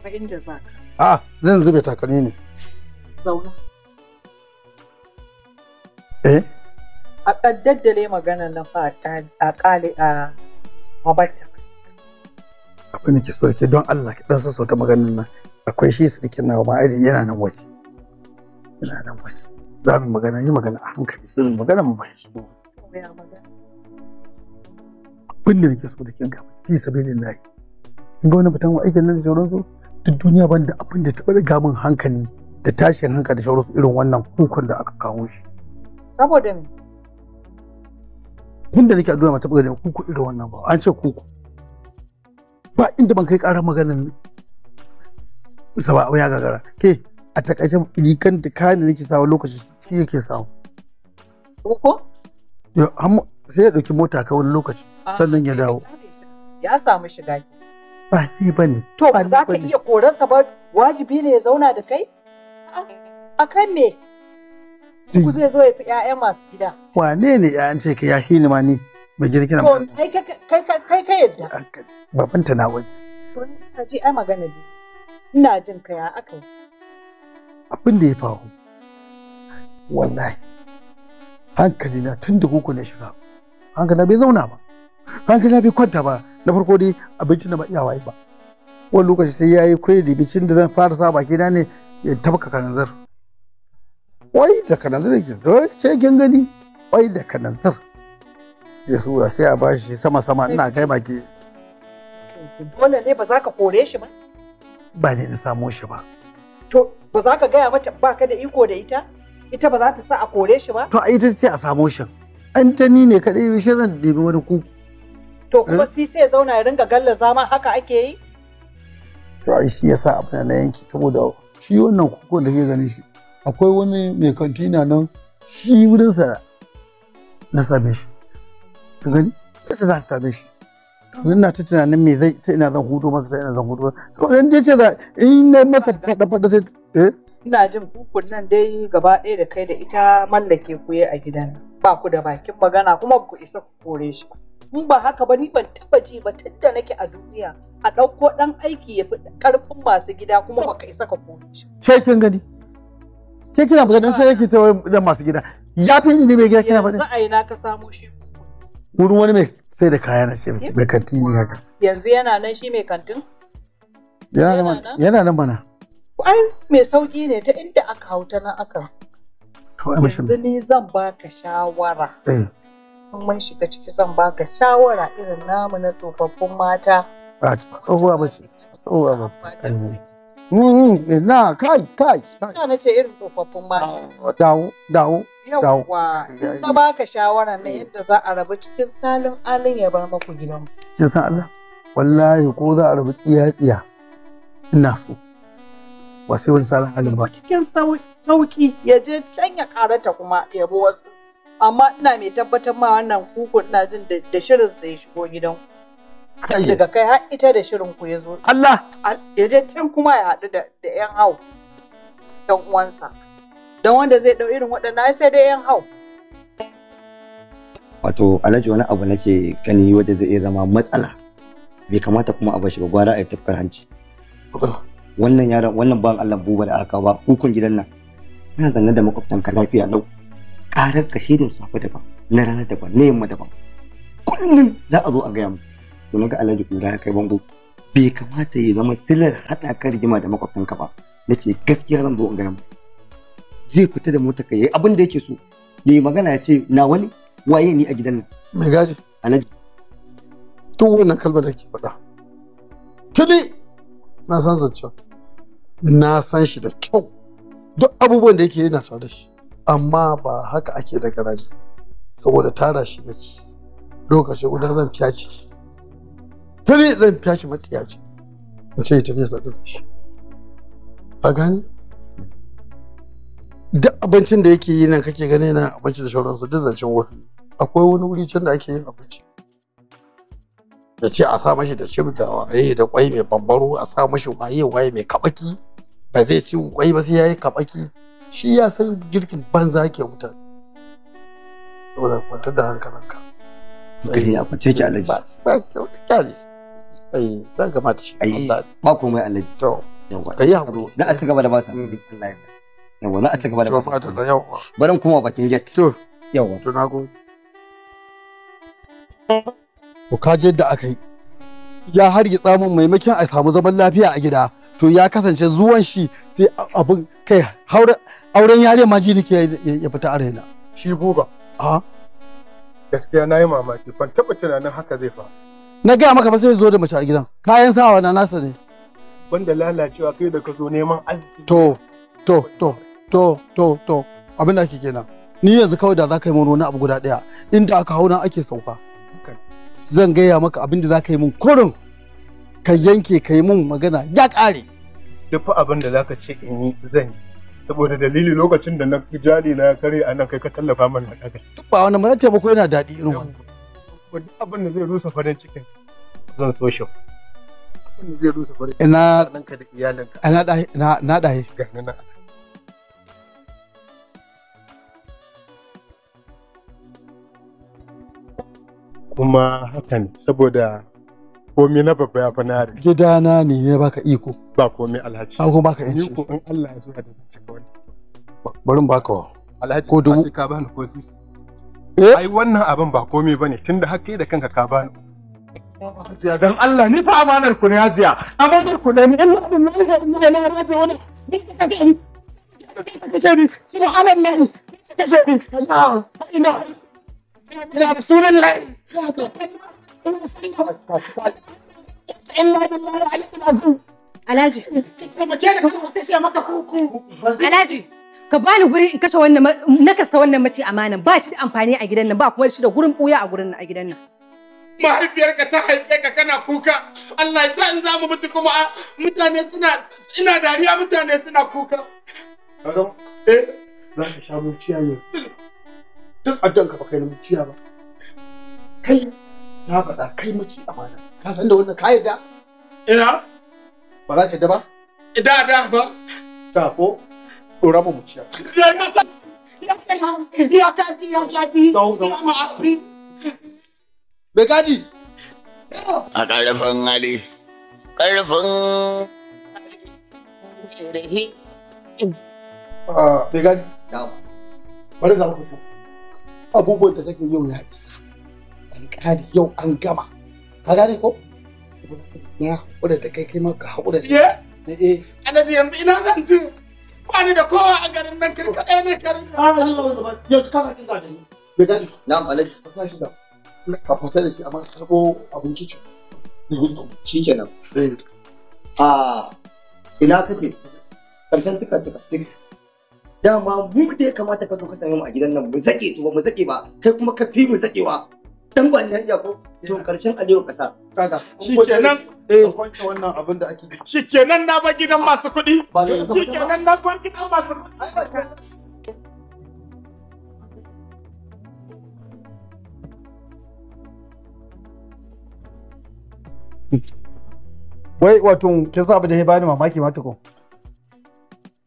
Ba inda za ka. A zan zube takalmi ne. Zauna. Eh? A ƙaddaddale magana na fata a ƙali a mabatta. Abin da ke so ke don Allah ki ɗan ta maganin nan akwai shi su dikin nawa ma'adin yana nan waje. Yana nan waje. Za mu magana yi magana a hankali sirrin magana mu ba shi. Abin da ke so da kin gaba fi sabilillahi. ga wani ta mu aikin nan da sauransu duk duniya ban da abin da taɓa riga min hankali da tashin hankali da sauransu irin wannan kukun da aka kawo shi. Saboda me? Tun da nake a duniya ba taɓa ganin kuku irin wannan ba an ce kuku. Ba inda ban kai ƙarar maganin sa ba ya gagara ke a takaice rikan da kayan da nake sawa lokaci shi yake samu. Kuku? Sai ya ɗauki mota ka wani lokaci ah. sannan ya dawo. Ya samu shiga. ba ba ne. To, ba za ka iya korarsa ba wajibi ne ya zauna da kai? A kan me? Ku zai zo ya fi 'ya'ya masu gida. Wane ne 'ya'yan ce ka yashi ni ma ni mai girgina ba? To, kai ka yadda. Babanta na waje. To, ka ji ai magana ne. Ina jin ka ya aka yi. Abin da ya faru. Wallahi. Hankali na tun da kuku na shiga. Hankali na bai zauna ba. gina bi kwanta ba na farko dai abincin da ba iya waye ba wani lokaci sai ya yi da bicin da zan fara sa baki na ne ya tabka kananzir wai da kananzir yake sai kin gani wai da kananzir ya so sai a bashi sama sama ina kai baki dole ne ba za ka kore shi ba ba ne na samo shi ba to ba za ka gaya mata ba ka da iko da ita ita ba za ta sa a kore shi ba to a ita ce a samo shi an ta ni ne kadai shi zan ɗebi wani kuku to kuma eh? si sai ya zauna ya ringa gallaza ma haka ake yi to ai shi yasa abin na yanki saboda shi wannan koko da ke ganin shi akwai wani mai kantina nan shi wurin sa na same shi ka gani sai za ka same shi yanzu na ta tunanin me zai ta ina zan hutu masa ta ina zan hutu saboda in je ce za in na masa fada fada sai eh ina jin kukun nan dai gaba ɗaya da kai da ita mallake ku a gidan ba ku da bakin magana kuma ku isa ku kore shi in ba haka ba ni ban taba ji ba tun da nake a duniya a ɗauko ɗan aiki ya fi ƙarfin masu gida kuma ba ka isa ka kore shi. Sai kin gani. Ke kina ba dan sai yake cewa dan masu gida. Ya fi ni mai gida kina ba. Yanzu yi na ka samu shi. Wurin wani mai sai da kaya na shi mai kanti ne haka. Yanzu yana nan shi mai kantin? Yana nan mana. Ai mai sauƙi ne ta inda aka hauta na aka. Yanzu ni zan baka shawara. Eh. in mun shiga ciki zan baka shawara irin namu na tsofaffin mata A tsohuwa ba ce tsohuwa ba ce mm-hmm, na kai kai sa na ce irin tsofaffin mata ah, dawo dawo dawo. yawwa na baka shawara na yadda za a rabu cikin salon alin ya bar maku gidan Ya san Allah wallahi ko za a rabu tsiya tsiya ina so Wasu sai wani salon alin ba cikin sauki ya je can ya karata kuma ya bi wasu amma ina mai tabbatar ma wannan kukun ina jin da shirin sa ya shigo gidan daga kai har ita da shirin ku ya zo Allah ya je can kuma ya haɗu da ƴan hau ɗan uwansa don wanda zai ɗau irin waɗannan sai dai ƴan hau wato alhaji wani abu nake gani wanda zai iya zama matsala bai kamata kuma a bashi ba gwara a tafkar hanci wannan yaron wannan ban Allah buba da aka ba hukun gidan nan ina zanne da makwabtanka lafiya lau karar ka shirin safe daban na rana daban na yamma daban kullum za a zo a gaya mu to ga alhaji kura kai bango bai kamata ya zama silar haɗa ka rigima da makwabtanka ba nace gaskiya zan zo a gaya mu zai fita da mota ka abin da yake so Mai magana ya ce na wani waye ni a gidan nan mai gadi alhaji to wannan kalmar da ke faɗa tuni na san zancen na san shi da kyau duk abubuwan da yake yana tare da shi amma ba haka ake da garaji saboda tara shi nake lokaci guda zan ce tare zan matsiya ce in ce tafi ya sadu shi a gani duk abincin da yake yi nan kake gani na abinci da shauransu duk zancen wafi akwai wani wuri can da ake yin abinci da ce a sa mashi da da waye da kwai mai bambaro a sa mashi waye waye mai kabaki ba zai ci kwai ba sai yayi kabaki shi ya san girkin banza ke wuta. saboda kwantar da hankalanka hankali ya kwance ki alaji ba kyau kyale ai zan mata shi ai ba komai alaji to yawa kai hakuri na a ci gaba da ba sa Allah ya yawa na a ci gaba da ba sa barin kuma bakin jet to yawa to go ko kaje da aka yi ya hargitsa tsamin maimakon a samu zaman lafiya a gida to ya kasance zuwan shi sai abin kai auren yare ma ji ke ya fita a raina shi buba a gaskiya na yi mamaki ban taɓa tunanin haka zai faru na gaya maka ba sai zo da mace a gidan kayan sawa na nasa ne banda lalacewa kai da ka zo neman arziki to to to to to to abin da ake kenan ni yanzu kawai da za ka yi mun wani abu guda ɗaya inda aka hauna ake sauka zan gaya maka abin da za ka yi mun kurin ka yanke ka yi mun magana ya ƙare. Duk fa abin da zaka ce in yi zan yi. Saboda dalili lokacin da na jari na kare a nan kai ka tallafa mana na kai. Duk ba wani mai taimako yana daɗi irin wannan. Duk abin da zai rusa farin cikin zan so shi. Abin da zai rusa farin cikin ina ka da iyalinka. Ina ɗahi na ɗahi. Ga nan. Kuma hakan saboda komi na babba ya da gida na ne ne baka iko ba komi alhaji ba ko baka yanci ni ko in Allah ya so da cika wani bari in baka alhaji ko dubu ka bani ko sisi eh ai wannan abin ba komi bane tunda har kai da kanka ka bani Hajiya dan Allah ni fa amanar ku ne Hajiya amanar ku ne ni ina da ne da ne na ne ne ne الله Alhaji. Alhaji. Ka bani guri in kashe wannan na kasa wannan mace amanan ba shi da amfani a gidan nan ba kuma shi da gurin buya a gurin a gidan nan. Mahaifiyarka ta haife ka kana kuka Allah ya sa in za mu mutu kuma mutane suna ina dariya mutane suna kuka. Kaga eh za ka sha mun yau. Duk addan ka ba kai mun ciya ba. Kai na faɗa kai mace amana ka san da wannan ka yadda ina ba za ka da ba da da ba ta ko dora mu muciya ya san ya ta bi ya sha bi ya ma bi be gadi a karfin Ali, karfin Bai gadi? Bari za ku abubuwan da kake yau ya isa. an yau an gama ka gane ko na haƙura da kai kai ma ka haƙura da eh, eh, eh. anaji yanzu ina zan ba ni da kowa a garin nan kai kaɗai ne karin yanzu ka fakin da ni bai gani ka da ka da shi amma ka karɓo abin kicin eh. a ina kake tuka tuka dama mu da ya kamata ka to ka same mu a gidan nan mu zake to ba mu zake ba kai kuma ka fi mu zakewa dan yabo to karshen alewa kasa kaga shikenan eh kwance wannan abin da ake shikenan na ba gidan masu kuɗi shikenan na ban gidan masu kuɗi Wai wato kin sa da ya bani mamaki ma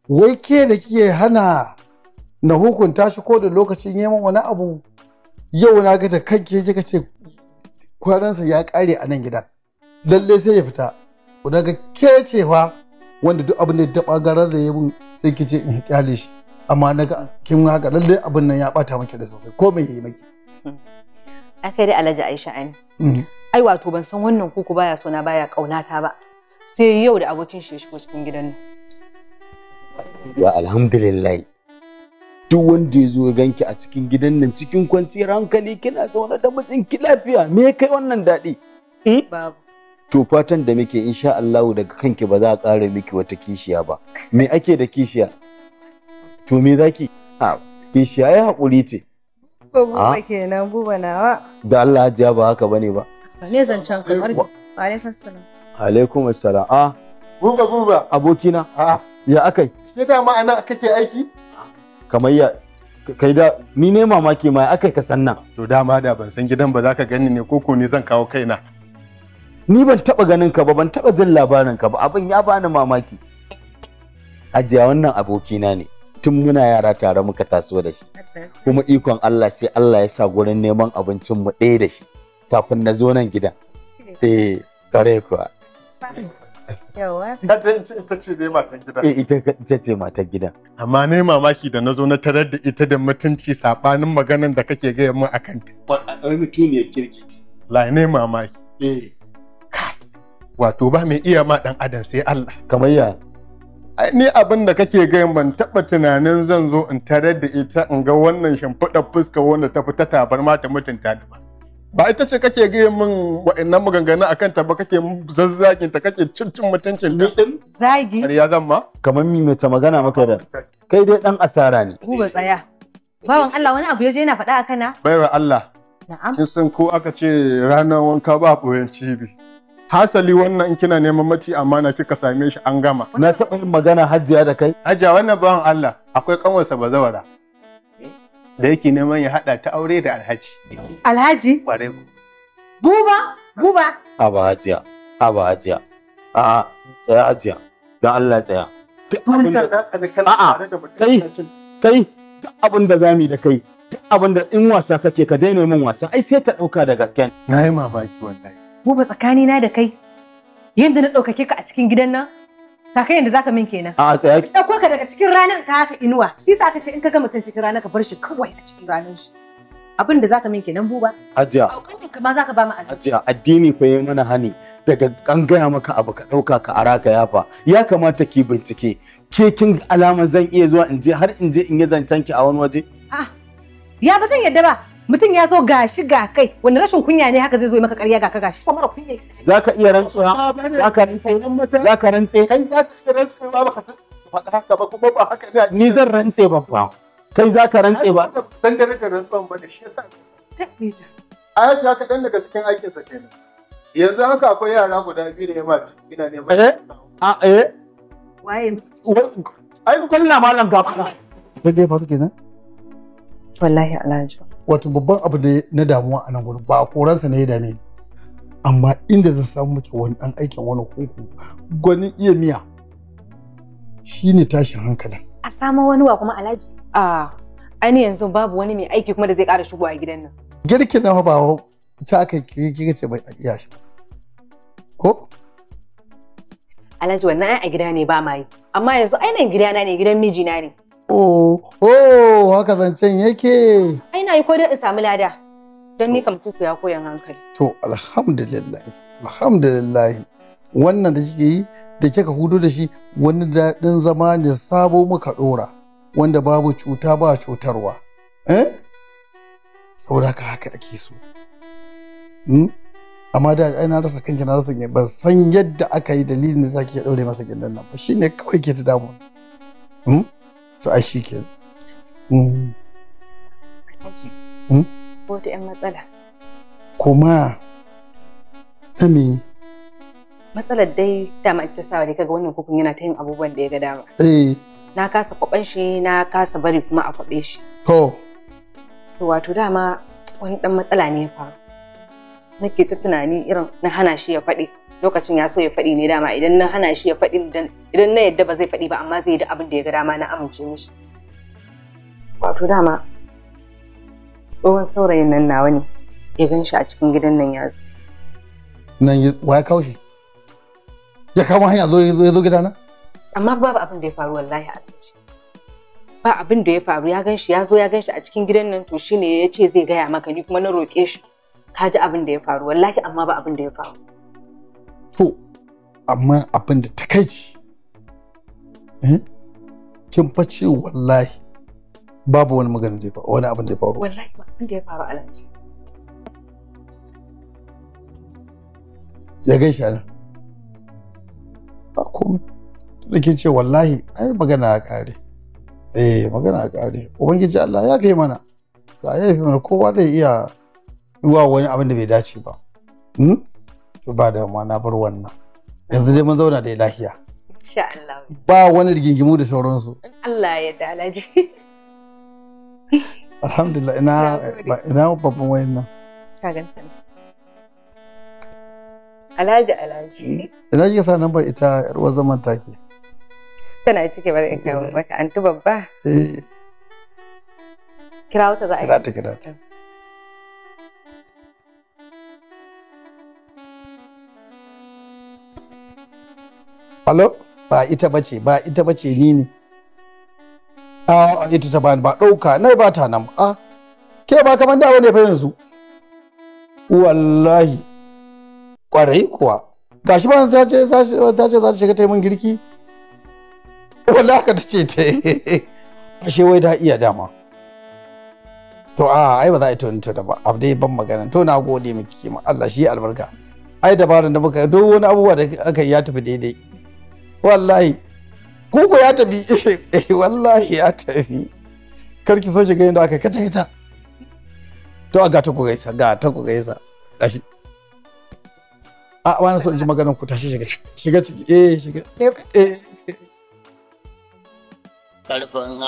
Wai ke da kike hana na hukunta shi ko da lokacin yaman wani abu yau na ga kanke kika ce kwanansa ya kare a nan gidan lalle sai ya fita kuna ga ke cewa wanda duk abin da ya taba garar da ya bin sai ki ce in kyale shi amma na ga kin haka lalle abin nan ya bata miki da sosai ko me yayi maki kai dai Alhaji Aisha an mm. ai wato ban san wannan kuku baya so na baya kaunata ba sai yau da abokin shi ya shigo cikin gidan nan wa alhamdulillah duk wanda ya zo ganki a cikin gidan nan cikin kwanciyar hankali kina zaune da mijinki lafiya me ya kai wannan daɗi hmm? babu to fatan da muke insha Allah daga kanki ba za a ƙara miki wata kishiya ba me ake da kishiya to me zaki ha kishiya ya haƙuri ce Buba kenan buba nawa. Da Allah hajiya ba haka bane ba. Ne zancen kamar. Alaikum Wa Alaikum assalam Ah. Buba buba. Abokina. Ah. Ya akai. Sai da ma'ana kake aiki? kamar ya kai da ni ne mamaki ma akai ka san nan to dama da ban san gidan ba za ka gani ne koko ne zan kawo kaina ni ban taba ganin ka ba ban taba jin labarin ka ba abin ya bani mamaki ajiya wannan abokina ne tun muna yara tare muka taso da shi kuma ikon Allah sai Allah ya sa gurin neman abincin mu ɗaya da shi kafin na zo nan gidan eh kare eh, kuwa Yawa. Ita ce dai matan gidan. Eh ita ce matan gidan. Amma ne mamaki da na zo na tarar da ita da mutunci saɓanin maganan da kake gaya min a kanta. Wai mutumiyar kirki ce. La ne mamaki. Eh. Wato ba mai iya ma dan adam sai Allah. Kamar ya. Ai ni abin da kake gaya ban taɓa tunanin zan zo in tarar da ita in ga wannan shimfiɗar fuska wanda ta fita tabar ma ta mutunta da ba. ba ita ce kake gaya min wa'annan maganganu a kanta ba kake zazzakin ta kake cin mutuncin mutuncin din zagi ya zan ma kamar mi mai ta magana maka da kai dai dan asara ne ku ba tsaya bawan Allah wani abu ya je yana faɗa a kana bayar Allah na'am kin san ko aka ce ranar wanka ba koyon cibi hasali wannan in kina neman mati amana kika same shi an gama na taɓa yin magana hajjiya da kai hajjiya wannan bawan Allah akwai kanwarsa bazawara da yake neman ya haɗa ta aure da alhaji. Alhaji? Ƙwarai ku. Buba? Buba? Aba hajiya, aba hajiya. A'a, tsaya hajiya, don Allah tsaya. A'a, kai, kai, duk abin da zami da kai, duk abin da in wasa kake ka daina min wasa, ai sai ta ɗauka da gaske. Na yi mamaki wallahi. Buba tsakanina da kai, yadda na ɗaukake ka a cikin gidan nan, sakayen da zaka min kenan a ah, tsaya ki dauko ka daga cikin ranar ka haka inuwa shi sa ka ce in ka ga mutum cikin ranar ka bar shi kawai a cikin ranar shi abin da zaka min kenan buba hajiya kuma zaka ba mu alhaji hajiya addini fa yayi mana hani daga an gaya maka abu ka dauka ka ara ka yafa ya kamata ki bincike ke kin alama zan iya zuwa in je har in je in yi zancen ki a wani waje a ah, ya ba zan yadda ba mutum ya zo gashi ga kai wani rashin kunya ne haka zai zo maka ƙarya ga ka gashi ko mara kunya za ka iya rantsuwa za ka rantse za ka rantse kai za ka iya rantsuwa ba ka faɗa haka ba kuma ba haka ne ni zan rantse ba ba kai za ka rantse ba dan da rika rantsuwan ba da shi yasa tabbija a yau ka dan daga cikin aikin sa kenan yanzu haka akwai yara guda biyu da yamma ina ne ba eh a ah, eh waye ai kullum malam gaba sai dai faru kenan wallahi alhaji wato babban abu da na damuwa a nan gudu ba a koransa na ya dame ni amma inda zan samu muke wani dan aikin wani kuku gwanin iya miya shine tashin hankalin a samo wani wa kuma alhaji a ainihin yanzu babu wani mai aiki kuma da zai ƙara shigo a gidan nan girkin na ba ta aka kiri ce bai iya shi ko alhaji wannan ai a gida ne ba ma yi amma yanzu ainihin gida gidana ne gidan mijina ne Oh, oh, haka zancen yake. Ai na yi ko dai in samu lada. Don ni kam kuku ya koyan hankali. To, alhamdulillah. Alhamdulillah. Wannan da kike yi da kika hudu da shi wani daɗin zama ne sabo muka ɗora wanda babu cuta ba cutarwa. Eh? Saboda ka haka ake so. Hmm? Amma da ai na rasa kanki na rasa ban san yadda aka yi dalilin da zaki ya daure masa gindan nan ba shine kawai ke ta damu. Hmm? to ai shi kenan mm. Mm. matsala kuma ta me matsalar dai dama ita sawa dai kaga wannan kukun yana ta yin abubuwan da ya ga dama eh na kasa kwaban shi na kasa bari kuma a kwabe shi to to wato dama wani dan matsala ne fa, nake ta tunani irin na hana shi ya faɗi lokacin ya so ya faɗi ne dama idan na hana shi ya faɗi idan na yadda ba zai faɗi ba amma zai yi da abin da ya ga dama na amince mishi wato dama tsohon saurayin nan nawa ne ya gan shi a cikin gidan nan ya zo nan wa ya kawo shi ya kawo hanya zo ya zo gidana amma babu abin da ya faru wallahi a shi ba abin da ya faru ya gan shi ya zo ya gan shi a cikin gidan nan to shine ya ce zai gaya maka ni kuma na roƙe shi ka ji abin da ya faru wallahi amma ba abin da ya faru to amma abin da ta kai eh, kin fa ce wallahi babu wani magana da ya faru wani abin da ya faru wallahi abin da ya faru alhaji ya gaishe ana ba komai da ke ce wallahi ai magana a kare eh magana a kare ubangiji Allah ya kai mana da ya fi mana kowa zai iya yiwa wani abin da bai dace ba hmm? ba da ma na bar wannan yanzu dai mun zauna da lafiya insha Allah ba wani rigingimu da sauransu Allah ya da alaji alhamdulillah ina ina babban wayan nan ka ganta Alhaji Alhaji mm. ina kika sa nan ba ita yar uwar zaman take tana cike ba da ita maka antu babba eh kira wata za a kira ta kira ta Hello? Ba ita bace, ba ita bace ni ne. A ita ta bani ba ɗauka, nai ba ta nan ba. Ke ba kamar da bane fa yanzu. Wallahi. Kwarai kuwa. Gashi ba ta ce ta ce za ta shiga ta yi min girki. Wallahi ka ta ce ta Ashe wai ta iya dama. To a ai ba za a yi da ba, abdai dai ban magana. To na gode miki ma Allah shi albarka. Ai dabarun da muka duk wani abubuwa da aka yi ya tafi daidai. wallahi kuku ya tafi eh wallahi ya tafi karki so shiga yadda aka kace kace to ga ta ku gaisa ga ta ku gaisa gashi a wani so in ji maganar ku tashi shiga shiga ciki eh shiga eh karfin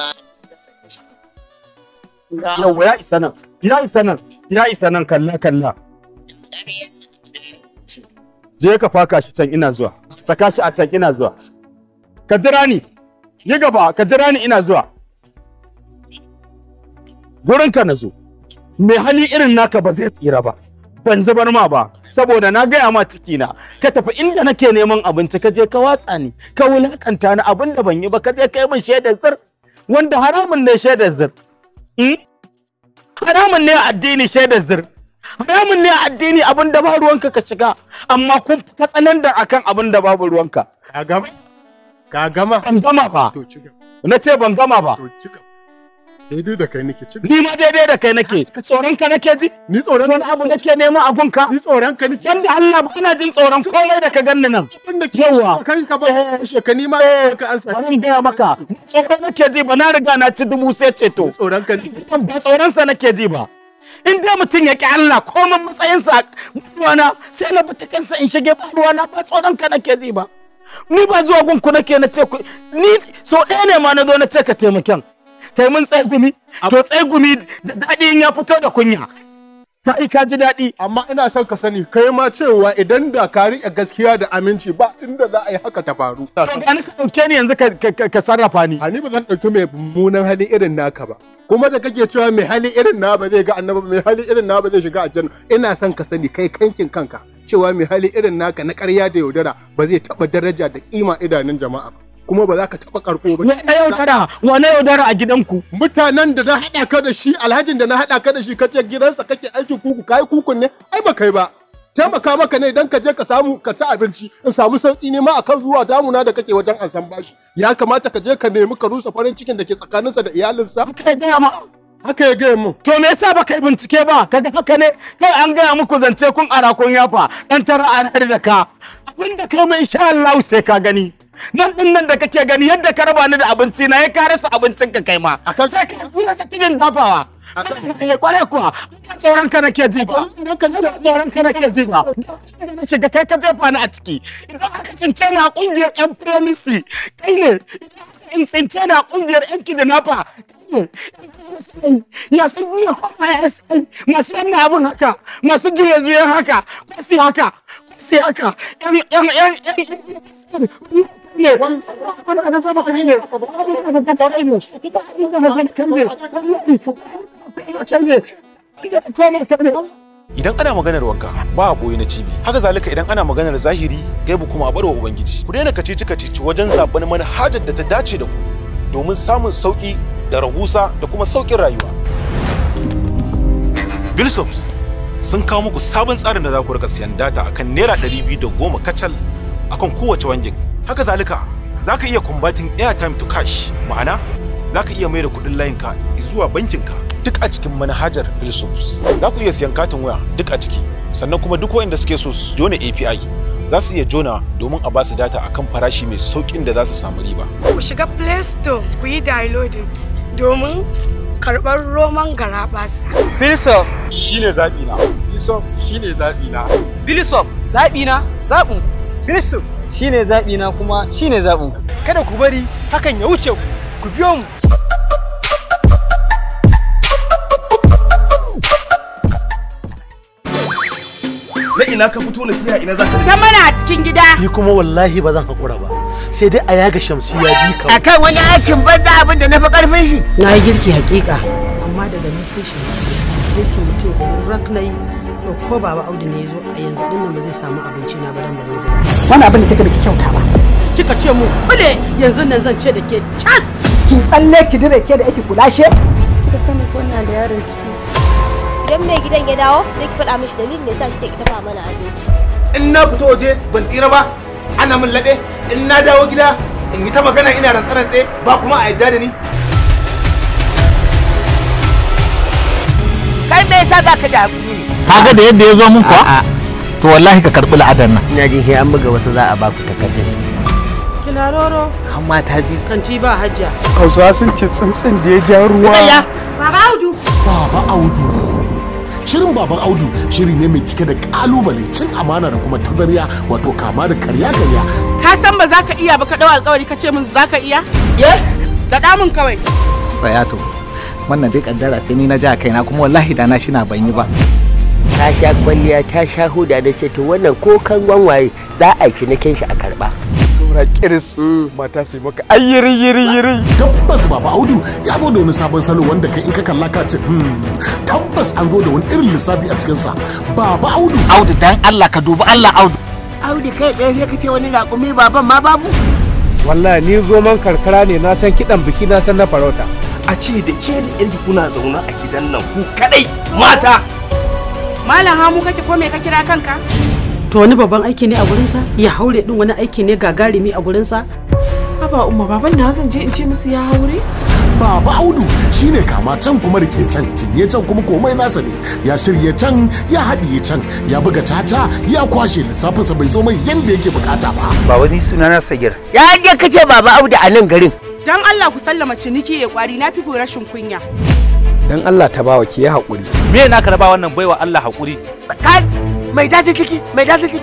yawwa ya isa nan ya isa nan ya isa nan kalla kalla je ka faka shi can ina zuwa saka shi a can ina zuwa ka jira ni yi gaba ka jira ni ina zuwa gurinka na zo mai hali irin naka ba zai tsira ba ban zubar ma ba saboda na gaya ma cikina ka tafi inda nake neman abinci ka je ka watsa ni ka wulakanta ni abin da ban yi ba ka je kai min shaidar zir wanda haramun ne shaidar zir hmm? haramun ne addini shaidar zir haramun ne addini abin da ba ruwanka ka shiga amma kun ka nan da akan abin da babu ruwanka ka gama ka gama ban gama fa na ce ban gama ba daidai da kai nake ni ma daidai da kai nake tsoron ka nake ji ni tsoron wani abu nake nema a gunka ni tsoron ka nake Yanda Allah ba ina jin tsoron komai da ka ganni nan yawa kan ka ba eh. sheka ni ma eh. ka ansa maka tsoron nake ji ba na riga na ci dubu sai ceto. tsoron ka ba tsoron sa nake ji ba in dai mutum ya ƙi Allah komin matsayinsa ruwana sai na bata kansa in shige ba ruwana ba tsoron ka nake ji ba ni ba zuwa gun ku nake na ce ku ni so ɗaya ne ma na zo na ce ka taimaken taimun tsegumi to tsegumi da daɗi in ya fito da kunya ka ka ji daɗi amma ina son ka sani kai ma cewa idan da ka riƙe gaskiya da aminci ba inda za a yi haka ta faru to ga ni ni yanzu ka sarrafa ni A ni ba zan ɗauki mai mummunan hali irin naka ba kuma da kake cewa mai hali irin na ba zai ga annabi mai hali irin na ba zai shiga aljanna ina son ka sani kai kankin kanka cewa mai hali irin naka na ƙarya da yaudara ba zai taɓa daraja da ƙima idanun jama'a ba kuma ba za ka taɓa karko ba. Na yau wane yaudara a gidanku? Mutanen da na haɗa ka da shi, alhajin da na haɗa ka da shi ka ce gidansa kake aiki kuku, kayi kukun ne, ai ba kai ba. Taimaka maka ne idan ka je ka samu ka ta abinci, in samu sauƙi ne ma akan zuwa damuna da kake wajen an bashi. Ya kamata ka je ka nemi ka rusa farin cikin da ke tsakaninsa da iyalinsa. gaya haka ya gaya mun. To me yasa ka yi bincike ba? ka Kaga haka ne kai an gaya muku zance kun arakun yafa dan tara har da ka. Abinda kai mai insha Allah sai ka gani. nan din nan da kake gani yadda ka raba ni da abinci na ya kare su abincin ka kai ma sai ka rasa kijin dafawa kwarai kuwa tsoron ka nake ji ba tsoron ka nake ji ba na shiga kai ka jefa ni a ciki idan aka cince na a kungiyar yan premisi kai ne in cince ni a kungiyar yan kidnapper ya yi ya sai masu yan abin haka masu juye-juyen haka kwasi haka kwasi haka yan yan yan yan idan ana maganar wanka ba a boye na cibi haka zalika idan ana maganar zahiri gaibu kuma a barwa ubangiji ku daina kacici kacici wajen zaɓen manhajar da ta dace da ku domin samun sauƙi da rahusa da kuma saukin rayuwa bilsops sun kawo muku sabon tsarin da za ku rika siyan data akan naira ɗari biyu da goma kacal akan kowace wangin haka zalika za ka iya kumbatin airtime to cash ma'ana za ka iya mai da kuɗin layinka zuwa bankinka duk a cikin manhajar philosophs za ku iya siyan katin waya duk a ciki sannan kuma duk waɗanda suke so su jona api za su iya jona domin a ba su data akan farashi mai saukin da za su samu riba ku shiga play store ku yi downloading domin karɓar roman gara basa. philosoph shine na philosoph shine zaɓina. zaɓi na zaɓin Kristo shine zaɓi na kuma shine zaɓin Kada ku bari hakan ya wuce ku, ku biyo mu. Na ina ka fito na siya ina za ka Ta mana a cikin gida. Ni kuma wallahi ba zan haƙura ba. Sai dai a yaga ya bi ka. Akan wani aikin banza abin da na fi ƙarfin shi. Na yi girki hakika. Amma daga ni sai shamsiya. Girki mutum da rak na yi. to ko baba Audu ne ya zo a yanzu din nan ba zai samu abinci na ba dan ba zan zuba wani abin da take da kyauta ba kika ce mu kule yanzu nan zan ce da ke cas ki tsalle ki dire ke da kula she. kika sani ko ina da yaron ciki idan mai gidan ya dawo sai ki faɗa mishi dalilin da yasa kike ki tafa mana abinci in na fito waje ban tsira ba ana min laɓe in na dawo gida in yi ta magana ina rantsarantse ba kuma a yadda da ni kai me yasa ka da kaga da yadda ya zo mun kuwa to wallahi ka karɓi la'adar nan ina jin shi an buga wasu za a ba ku takardar kilaroro an mata biyu kan ci ba hajja kausa sun ce tsuntsun da ya ja ruwa baba audu baba audu shirin baban audu shiri ne mai cike da kalubale cin amana da kuma tazariya wato kama da karya karya ka san ba za ka iya ba ka dawo alkawari ka ce min za ka iya ye da damun kawai tsaya to wannan dai kaddara ce ni na ja kaina kuma wallahi da na shi na ban yi ba ta sha kwalliya ta sha huda da ce to wannan ko kan waye za a yi cinikin shi a karba saura kiris mm. mata su maka ai yiri yiri yiri tabbas baba audu ya zo da wani sabon salo wanda kai in ka kalla ka ce hmm, tabbas an zo da wani irin lissafi a cikin sa baba audu audu dan Allah ka dubi Allah audu audu kai dai sai ce wani raƙumi baban ma babu wallahi ni zoman karkara ne na san kidan biki na san na farauta a ce da ke da yanki kuna zauna a gidan nan ku kadai mata malam hamu kake ko me ka kira kanka to wani babban aiki ne a gurinsa ya haure din wani aiki ne gagarumi a gurinsa haba umma baban na zan je in ce musu ya haure baba audu shine kama can kuma rike can cinye can kuma komai nasa ne ya shirye can ya haɗiye can ya buga caca ya kwashe lissafinsa bai zo mai yanda yake bukata ba ba wani suna na sagir ya je kace baba audu a nan garin dan Allah ku sallama ciniki ya kwari na fi rashin kunya dan Allah ta bawa ki ya haƙuri me na ka raba wannan baiwa Allah haƙuri kai mai dasi ciki mai ciki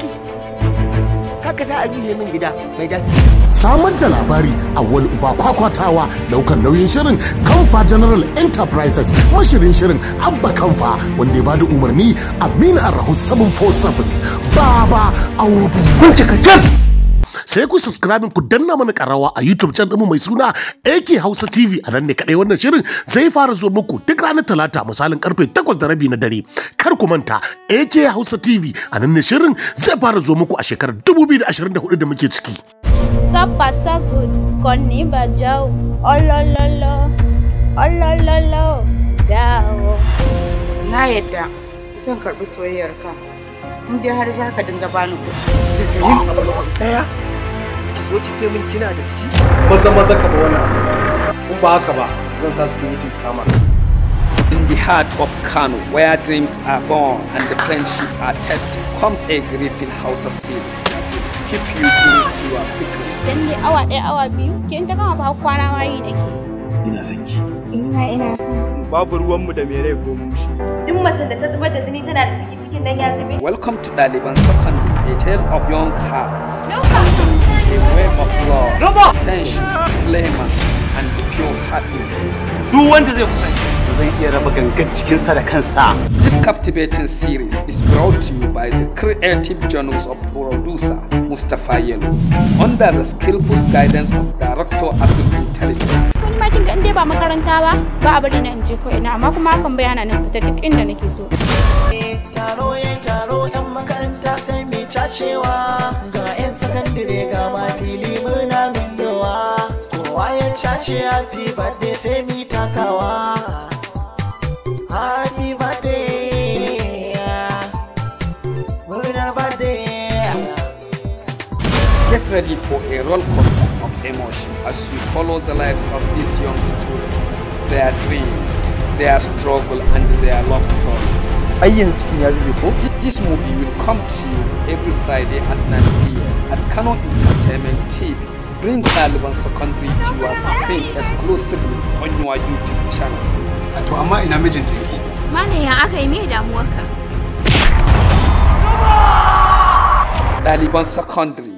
kaka a ne min gida mai dasi samar da labari a wal uba kwakwatawa daukan nauyin shirin kamfa general enterprises mashirin shirin abba kamfa wanda ya bada umarni amina arrahu 747 baba audu kun cika sai ku subscribe ku danna mana karawa a YouTube channel mai suna AK Hausa TV a nan ne kadai wannan shirin zai fara zuwa muku duk ranar Talata misalin karfe 8 da rabi na dare kar ku manta AK Hausa TV a nan ne shirin zai fara zuwa muku a shekarar 2024 da muke ciki Sapasagu koni jau olololo olololo dawo. na yadda zan karbi soyayyarka in dai har zaka dinga bani kuɗi daga yin abu sau ɗaya ki zo ki ce min kina da ciki maza maza ka ba wannan asaba in ba haka ba zan sa securities kama In the heart of Kano, where dreams are born and the friendship are tested, comes a grieving house of sins that will keep you to your secrets. Dan dai awa ɗaya awa biyu, kin ta kama ba kwana ma yi nake. Ina sanki. ki. Ina ina son. Babu ruwanmu da mere ko mushi. Duk mace da ta zubar da jini tana da ciki cikin nan ya zube. Welcome to Daliban second a tale of young hearts. No, way of love, Rubber. tension, and pure happiness. Duk wanda zai kusance. iya raba gangan da kansa. This captivating series is brought to you by the creative journals of producer Mustafa Yellow, under the skillful guidance of Director the Intelligence. ba makaranta ba, ba in amma bayana nan inda nake so. Eh, taro kan dire ga ma fili muna millowa kowa ya cace happy birthday sai mi takawa happy birthday murnar birthday get ready for a roller coaster of emotion as you follow the lives of these young students their dreams their struggle and their love story ayyan cikin ya zube ko? This movie will come to you every Friday at 9 p.m. at Canon Entertainment TV. Bring Taliban Secondary to your screen exclusively on your YouTube channel. To amma ina mijinta yake? Malam ya aka yi me damuwarka? Ɗaliban Secondary